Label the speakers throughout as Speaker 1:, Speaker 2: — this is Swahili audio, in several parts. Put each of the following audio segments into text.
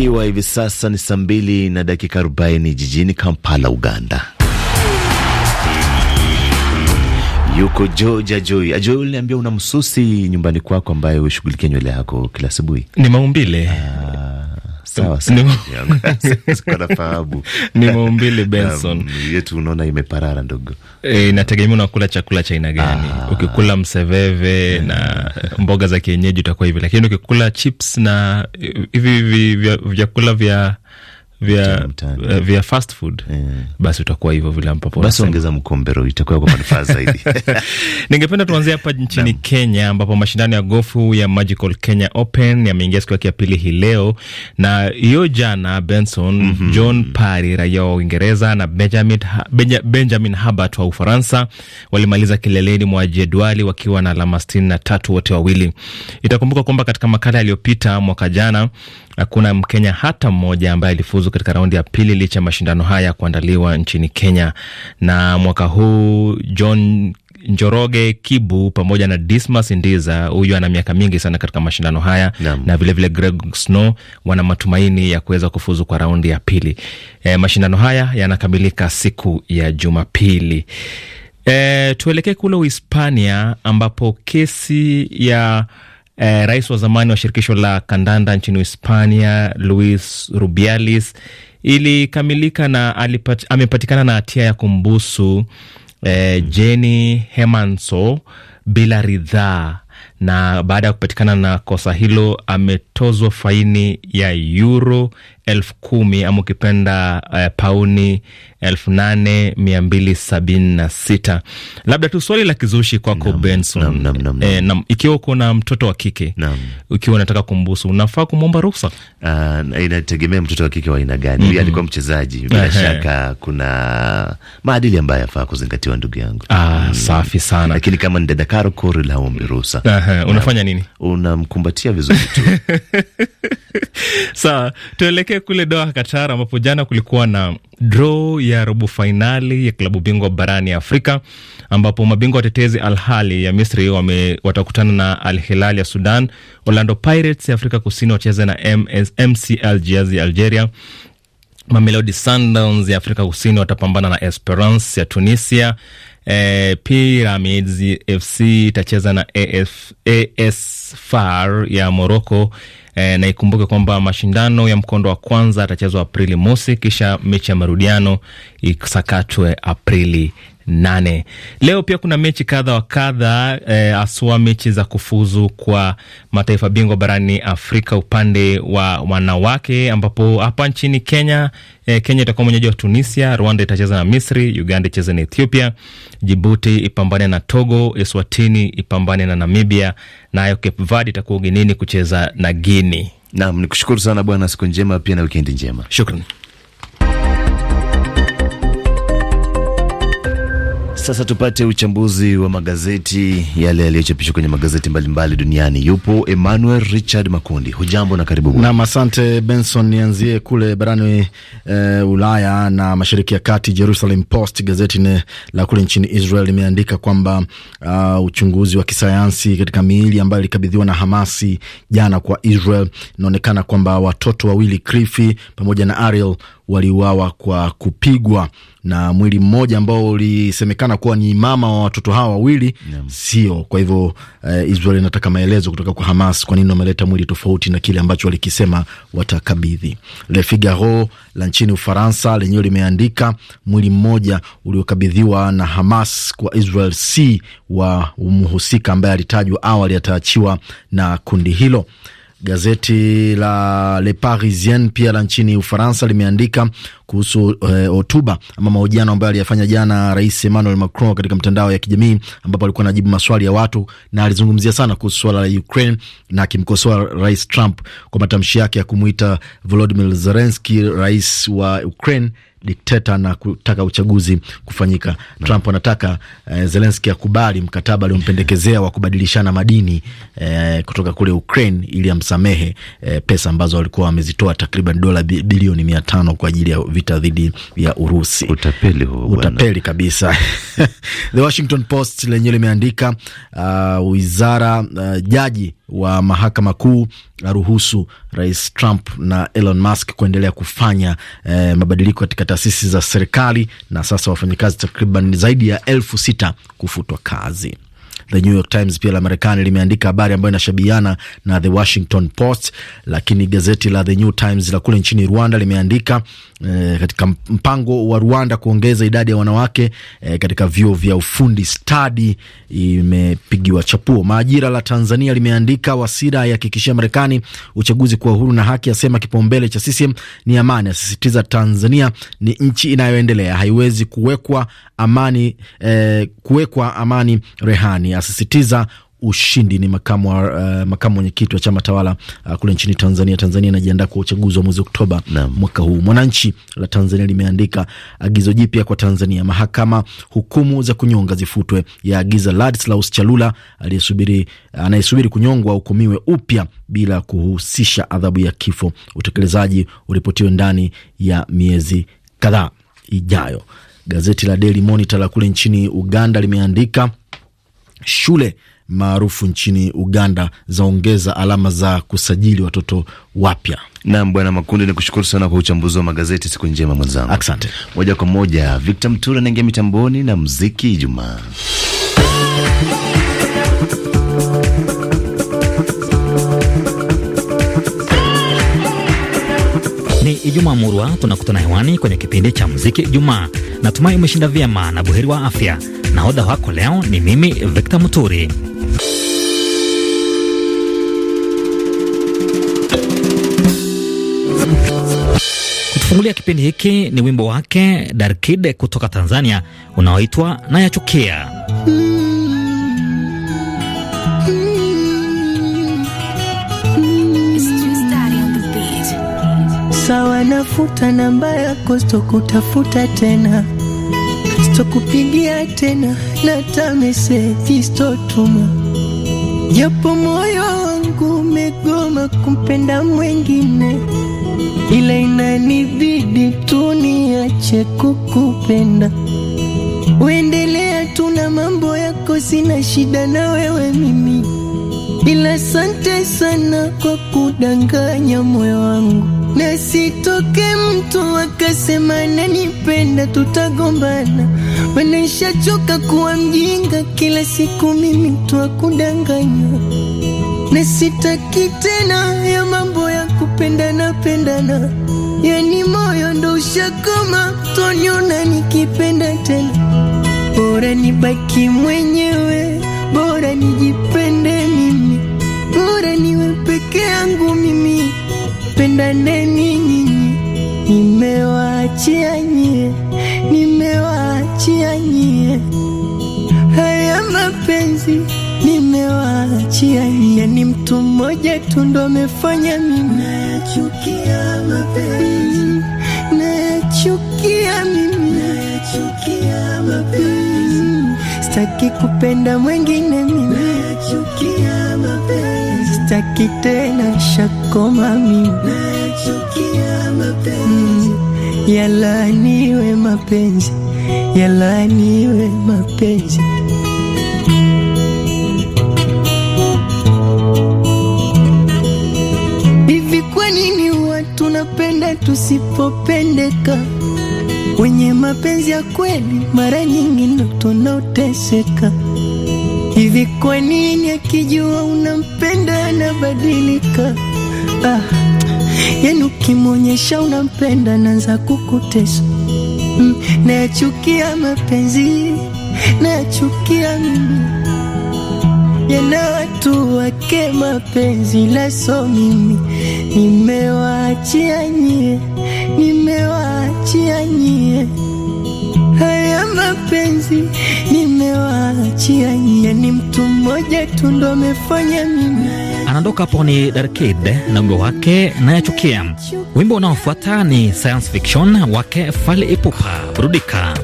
Speaker 1: ikiwa hivi sasa ni saa mbili na dakika arobaini jijini Kampala, Uganda. Yuko Joja Ajoi. Ajoi, uliniambia una msusi nyumbani kwako ambaye hushughulikia nywele yako kila asubuhi.
Speaker 2: Ni maumbile. Aa. Ah. ni maumbili Benson yetu, unaona imeparara ndogo. E, inategemea unakula chakula cha aina gani. Ah. Ukikula mseveve eh. na mboga za kienyeji utakuwa hivi, lakini ukikula chips na hivi vyakula vya vya eh, vya fast food yeah. Basi utakuwa hivyo vile ambapo basi ongeza mkombero itakuwa kwa manufaa zaidi. Ningependa tuanzie hapa nchini Kenya ambapo mashindano ya gofu ya Magical Kenya Open yameingia siku yake ya pili hii leo, na hiyo jana Benson mm -hmm. John Parry raia wa Uingereza na Benjamin, Benja, Benjamin Habart wa Ufaransa walimaliza kileleni mwa jedwali wakiwa na alama sitini na tatu wote wawili. Itakumbuka kwamba katika makala yaliyopita mwaka jana hakuna Mkenya hata mmoja ambaye alifuzu katika raundi ya pili licha ya mashindano haya kuandaliwa nchini Kenya. Na mwaka huu John Njoroge Kibu pamoja na Dismas Ndiza, huyu ana miaka mingi sana katika mashindano haya Nam. na vilevile vile Greg Snow wana matumaini ya kuweza kufuzu kwa raundi ya pili. E, mashindano haya yanakamilika siku ya Jumapili. E, tuelekee kule Uhispania ambapo kesi ya eh, rais wa zamani wa shirikisho la kandanda nchini Hispania Luis Rubiales ilikamilika na alipat, amepatikana na hatia ya kumbusu eh, hmm. Jenny Hermoso bila ridhaa na baada ya kupatikana na kosa hilo ametozwa faini ya euro elfu kumi ama ukipenda uh, pauni elfu nane mia mbili sabini na sita. Labda tu swali la kizushi kwako Benson, eh, ikiwa uko na mtoto wa kike ukiwa unataka kumbusu unafaa kumwomba ruhusa? Uh, inategemea mtoto wa kike wa aina gani. mm -hmm. alikuwa mchezaji, bila uh -huh. shaka kuna
Speaker 1: maadili ambayo yafaa kuzingatiwa, ndugu yangu. Ah, mm. Safi sana, lakini kama ni dada Karo Kori la ombi ruhusa, unafanya nini? Unamkumbatia vizuri tu.
Speaker 2: Sawa, tuelekee kule Doha, Qatar, ambapo jana kulikuwa na draw ya robo fainali ya klabu bingwa barani Afrika, ambapo mabingwa watetezi Al Ahly ya Misri wame, watakutana na Al Hilal ya Sudan. Orlando Pirates ya Afrika Kusini wacheze na MS, MC Algiers ya Algeria. Mamelodi Sundowns ya Afrika Kusini watapambana na Esperance ya Tunisia. E, Pyramids FC itacheza na AS, AS FAR ya Morocco. E, na ikumbuke kwamba mashindano ya mkondo wa kwanza atachezwa Aprili mosi, kisha mechi ya marudiano isakatwe Aprili nane. Leo pia kuna mechi kadha wa kadha eh, aswa mechi za kufuzu kwa mataifa bingwa barani Afrika upande wa wanawake, ambapo hapa nchini Kenya e, Kenya itakuwa mwenyeji wa Tunisia, Rwanda itacheza na Misri, Uganda icheze na Ethiopia, Jibuti ipambane na Togo, Eswatini ipambane na Namibia, nayo Cape Verde itakuwa ugenini kucheza na Guini. Nam ni kushukuru sana bwana, siku njema pia na wikendi njema, shukran.
Speaker 1: Sasa tupate uchambuzi wa magazeti yale yaliyochapishwa kwenye magazeti mbalimbali mbali duniani. Yupo Emmanuel Richard Makundi, hujambo na karibu.
Speaker 3: Nam, asante Benson. Nianzie kule barani e, Ulaya na mashariki ya kati. Jerusalem Post, gazeti ne la kule nchini Israel, limeandika kwamba uh, uchunguzi wa kisayansi katika miili ambayo ilikabidhiwa na Hamasi jana kwa Israel, inaonekana kwamba watoto wawili Krifi pamoja na Ariel waliuawa kwa kupigwa, na mwili mmoja ambao ulisemekana kuwa ni mama wa watoto hawa wawili yeah. Sio. Kwa hivyo eh, Israel inataka maelezo kutoka kwa Hamas, kwa nini wameleta mwili tofauti na kile ambacho walikisema watakabidhi. Le Figaro la nchini Ufaransa lenyewe limeandika mwili mmoja uliokabidhiwa na Hamas kwa Israel si wa mhusika ambaye alitajwa awali ataachiwa na kundi hilo. Gazeti la Le Parisien pia la nchini Ufaransa limeandika kuhusu eh, hotuba eh, ama mahojiano ambayo aliyafanya jana Rais Emmanuel Macron katika mtandao ya kijamii ambapo alikuwa anajibu maswali ya watu, na alizungumzia sana kuhusu swala la Ukraine na akimkosoa Rais Trump kwa matamshi yake ya kumwita volodimir zelenski rais wa Ukraine dikteta na kutaka uchaguzi kufanyika. Trump anataka eh, Zelenski akubali mkataba aliompendekezea wa kubadilishana madini eh, kutoka kule Ukraine ili amsamehe eh, pesa ambazo walikuwa wamezitoa takriban dola bilioni mia tano kwa ajili ya vita dhidi ya Urusi. Utapeli utapeli kabisa. The Washington Post lenyewe limeandika uh, wizara uh, jaji wa mahakama kuu aruhusu Rais Trump na Elon Musk kuendelea kufanya eh, mabadiliko katika taasisi za serikali, na sasa wafanyakazi takriban zaidi ya elfu sita kufutwa kazi. The New York Times pia la Marekani limeandika habari ambayo inashabiana na The Washington Post, lakini gazeti la The New Times la kule nchini Rwanda limeandika eh, katika mpango wa Rwanda kuongeza idadi ya wanawake eh, katika vyuo vya ufundi stadi imepigiwa chapuo. Majira la Tanzania limeandika Wasira aihakikishia Marekani uchaguzi kuwa huru na haki, asema kipaumbele cha CCM ni amani, asisitiza Tanzania ni nchi inayoendelea haiwezi kuwekwa amani, eh, kuwekwa amani rehani asisitiza ushindi ni makamu uh, makamu mwenyekiti wa chama tawala uh, kule nchini Tanzania. Tanzania inajiandaa kwa uchaguzi wa mwezi Oktoba mwaka huu. Mwananchi la Tanzania limeandika agizo jipya kwa Tanzania, mahakama hukumu za kunyonga zifutwe, agiza Ladislaus Chalula aliyesubiri anayesubiri kunyongwa hukumiwe upya bila kuhusisha adhabu ya kifo, utekelezaji uripotiwe ndani ya miezi kadhaa ijayo. Gazeti la Daily Monitor la kule nchini Uganda limeandika shule maarufu nchini Uganda zaongeza alama za kusajili watoto wapya. Naam, Bwana
Speaker 1: Makundi, ni kushukuru sana kwa uchambuzi wa magazeti. Siku njema mwenzangu, asante. Moja kwa moja Victor Mtura anaingia mitamboni na mziki Ijumaa
Speaker 4: Ijumaa Murwa tunakutana hewani kwenye kipindi cha muziki Ijumaa. Natumai umeshinda vyema na buheri wa afya. Nahodha wako leo ni mimi Victor Muturi. Kutufungulia kipindi hiki ni wimbo wake Darkid kutoka Tanzania unaoitwa Nayachukia.
Speaker 5: anafuta namba yako, sitokutafuta tena, sitokupigia tena, na tamese meseji sitotuma, japo moyo wangu umegoma kumpenda mwengine, ila inanibidi tu niache kukupenda. Uendelea tu na mambo yako, sina shida na wewe mimi, ila sante sana kwa kudanganya moyo wangu. Ukasema nanipenda, tutagombana, mana nishachoka kuwa mjinga, kila siku mimi twa wa kudanganywa, na sitaki tena ya mambo ya kupendana pendana, yani moyo ndo ushakoma, tonyona nikipenda tena, bora nibaki mwenyewe, bora nijipende mimi, bora niwe peke yangu mimi, pendaneni nyinyi nimewaachia nyie, nimewaachia nyie haya mapenzi nimewaachia nyie, ni mtu mmoja tu ndo amefanya mimi nachukia mapenzi, nachukia mimi nachukia
Speaker 6: mapenzi,
Speaker 5: staki kupenda mwengine mimi nachukia Sitaki tena shakoma mimi,
Speaker 6: nachukia mapenzi mm.
Speaker 5: yalaaniwe, mapenzi mapenzi hivi. Kwa nini watu napenda tusipopendeka? Wenye mapenzi ya kweli mara nyingi ndo tunaoteseka. Hivi kwa nini akijua unampenda anabadilika? Ah, yani ukimwonyesha unampenda naanza kukutesa. Mm, nayachukia mapenzi, nayachukia mimi yana watu wake mapenzi, laso mimi nimewaachia nyie, nimewaachia nyie haya mapenzi, nimewaachia nyie mmoja tu ndo amefanya mimi.
Speaker 4: Anaondoka hapo ni Darkid na wimbo wake nayachukia. Wimbo unaofuata ni science fiction wake Fally Ipupa, burudika.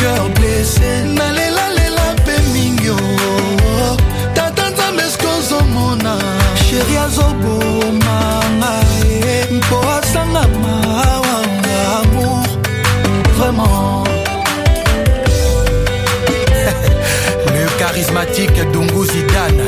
Speaker 6: cœur blessé nalelela mpe mingi oh, oh, oh. tata nzambe sikozomona sheri azobomanga ye mpo asanga mawanga amour vraiment le charismatique dungu zidane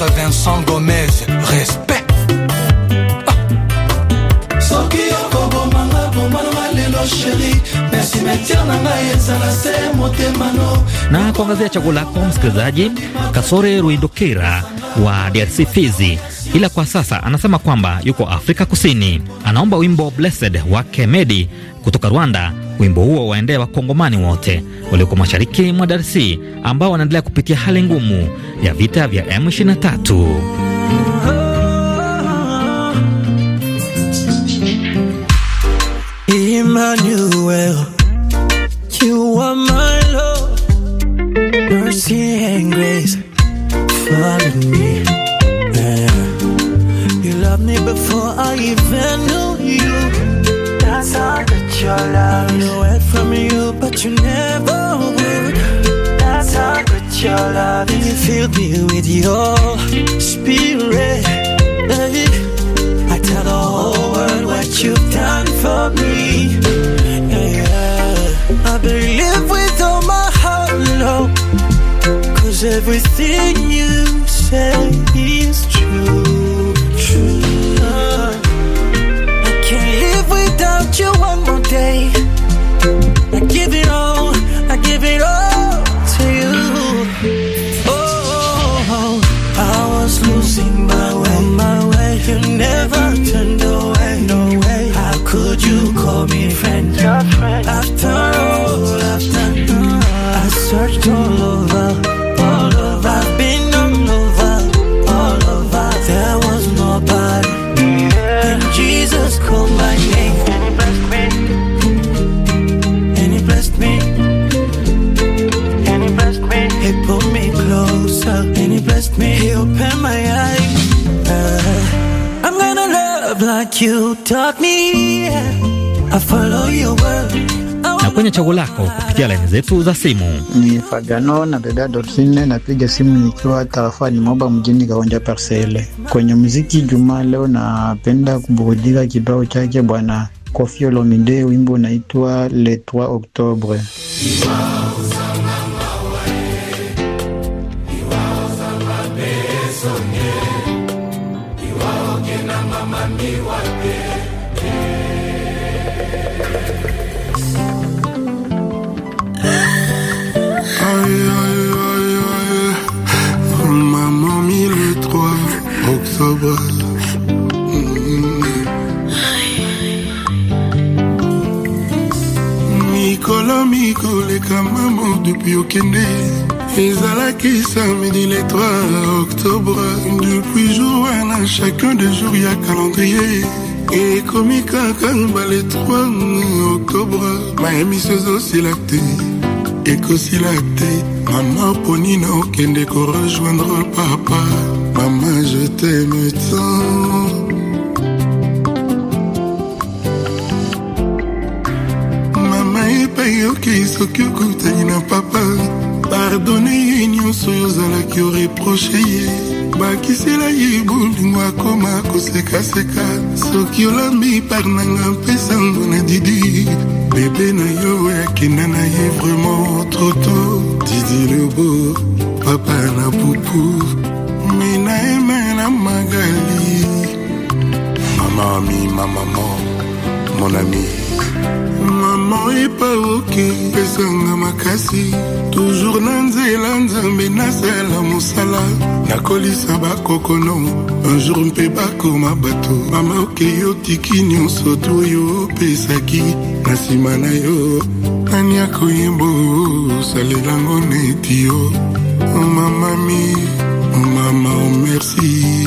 Speaker 6: Maître Vincent Gomez, respect. Ah.
Speaker 4: na kuangazia chaguo lako msikilizaji kasore ruindokera wa drc fizi ila kwa sasa anasema kwamba yuko afrika kusini anaomba wimbo blessed wa kemedi kutoka rwanda Wimbo huo waendea wakongomani wote walioko mashariki mwa DRC ambao wanaendelea kupitia hali ngumu ya vita vya M23.
Speaker 6: Emmanuel, you are my mercy and grace, follow me. Yeah. You love me before I even knew you. That's how your love is. I it from you, but you never would. That's how good your love is. You filled me with your spirit, baby. I tell the whole world what you've done for me. Yeah. I believe with all my heart, Lord. Cause everything you say is true. you one more day me open my eyes.
Speaker 4: Uh, I'm gonna love like you taught me.
Speaker 6: I follow your word
Speaker 4: na kwenye chaguo lako kupitia laini zetu za simu. Ni Fagano na dada Dolfine, napiga simu nikiwa tarafani Moba mjini Kaonja Parcele. Kwenye muziki Jumaa leo napenda kuburudika kibao chake bwana Kofi Olomide, wimbo unaitwa Le 3 Octobre.
Speaker 7: l'a ezalaki samedi le 3 octobre depuis jour wana chacun de jour ya calendrier ekomi kaka ngba le 3 octobre mayemiso ezosila te ekosila te mama ponina okende korejoindre papa mama je t'aime tant oyoki soki okutani na papa pardone ye nyonso oyo ozalaki oreproche ye bakisela ye bolingo akoma kosekaseka soki olambi par nanga mpesango na didi bebe na yo yakenda na ye vraimen troto didi lebo papa na pupu minaema na magali mamami mamamo mon ami mama epauki ma makasi toujours na moussala. nzambe la mosala nakolisa Un jour mpe ma bato mama ok yo tiki nyon yo pesaki. na nsima na yo nani salé osalelango tio. yo oh, mi, oh, maman
Speaker 4: merci.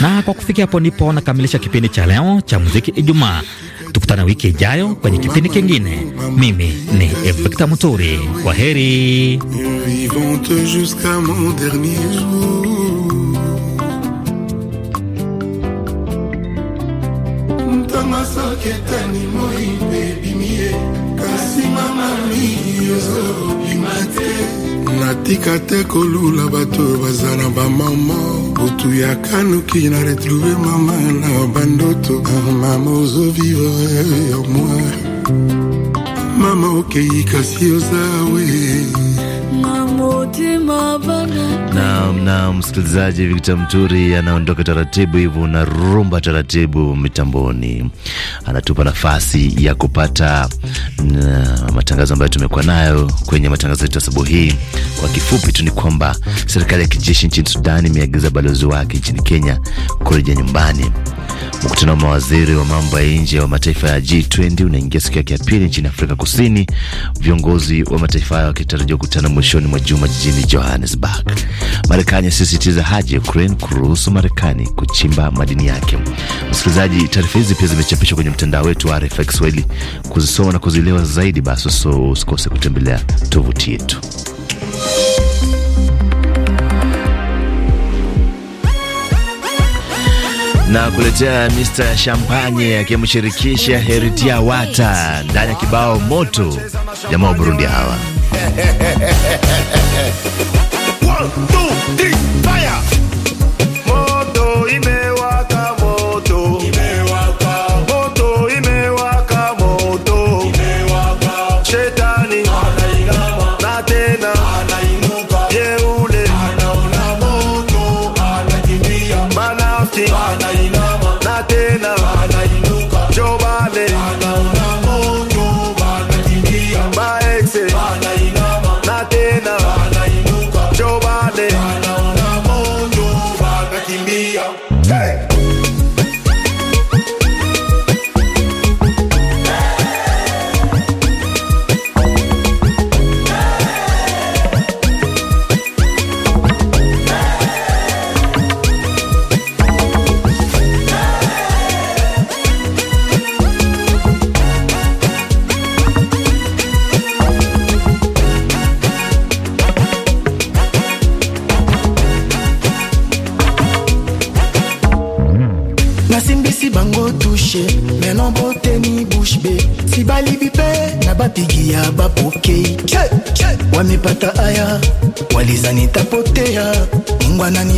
Speaker 4: Na kwa kufikia hapo ndipo nakamilisha kipindi cha leo cha muziki Ijumaa. Tukutana wiki ijayo kwenye kipindi kingine. Mimi ni Victor Muturi, kwa heri.
Speaker 7: natika te kolula bato oyo baza na bamama butu ya kanuki na retrouve mama na bandoto mama ozovivre ya moi mama okei kasi
Speaker 6: oza we Naam,
Speaker 1: naam, msikilizaji, Victor Mturi anaondoka taratibu hivyo na rumba taratibu mitamboni, anatupa nafasi ya kupata na matangazo ambayo tumekuwa nayo kwenye matangazo yetu asubuhi hii. Kwa kifupi tu ni kwamba serikali ya kijeshi nchini Sudan imeagiza balozi wake nchini Kenya kurejea nyumbani. Mkutano wa mawaziri wa mambo ya nje wa mataifa ya G20 unaingia siku yake ya pili nchini Afrika Kusini, viongozi wa mataifa hayo wakitarajiwa kukutana mwishoni mwa juma jijini Johannesburg. Marekani yasisitiza haja ya Ukraine kuruhusu Marekani kuchimba madini yake. Msikilizaji, taarifa hizi pia zimechapishwa kwenye mtandao wetu wa RFI Kiswahili. Kuzisoma na kuzielewa zaidi, basi so usikose kutembelea tovuti yetu. na kuletea Mr Champagne akimshirikisha Heritia Wata ndani ya kibao moto, jamaa wa Burundi hawa One, two, three, fire!
Speaker 3: napesi bango tushe meno boteni bushbe sibalibi mpe na bapigia bapokei wamipata aya walizani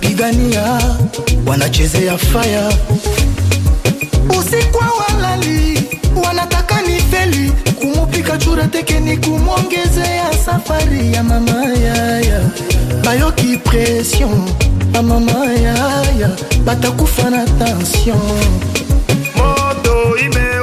Speaker 3: pigania wanacheze ya faya
Speaker 6: usikwa walali wanataka nifeli kumupika chura teke ni kumwongezea safari ya mama bayoki presion bamama batakufa na tension moto ime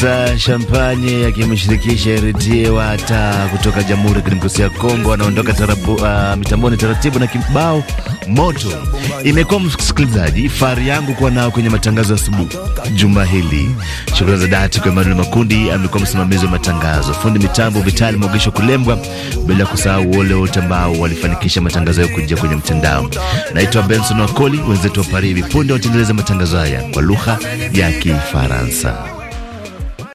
Speaker 1: sasa Champagne akimshirikisha Eretie Wata kutoka Jamhuri ya Kidemokrasia ya Kongo anaondoka tarabu, uh, mitamboni taratibu na kibao moto. Imekuwa msikilizaji, fahari yangu kuwa nao kwenye matangazo ya asubuhi juma hili. Shukrani za dhati kwa Emanuel Makundi, amekuwa msimamizi wa matangazo, fundi mitambo Vitali Mwagisho Kulembwa, bila kusahau wale wote ambao walifanikisha matangazo hayo kujia kwenye mtandao. Naitwa Benson Wakoli, wenzetu wa
Speaker 6: Paribi punde wataendeleza matangazo haya kwa lugha ya Kifaransa.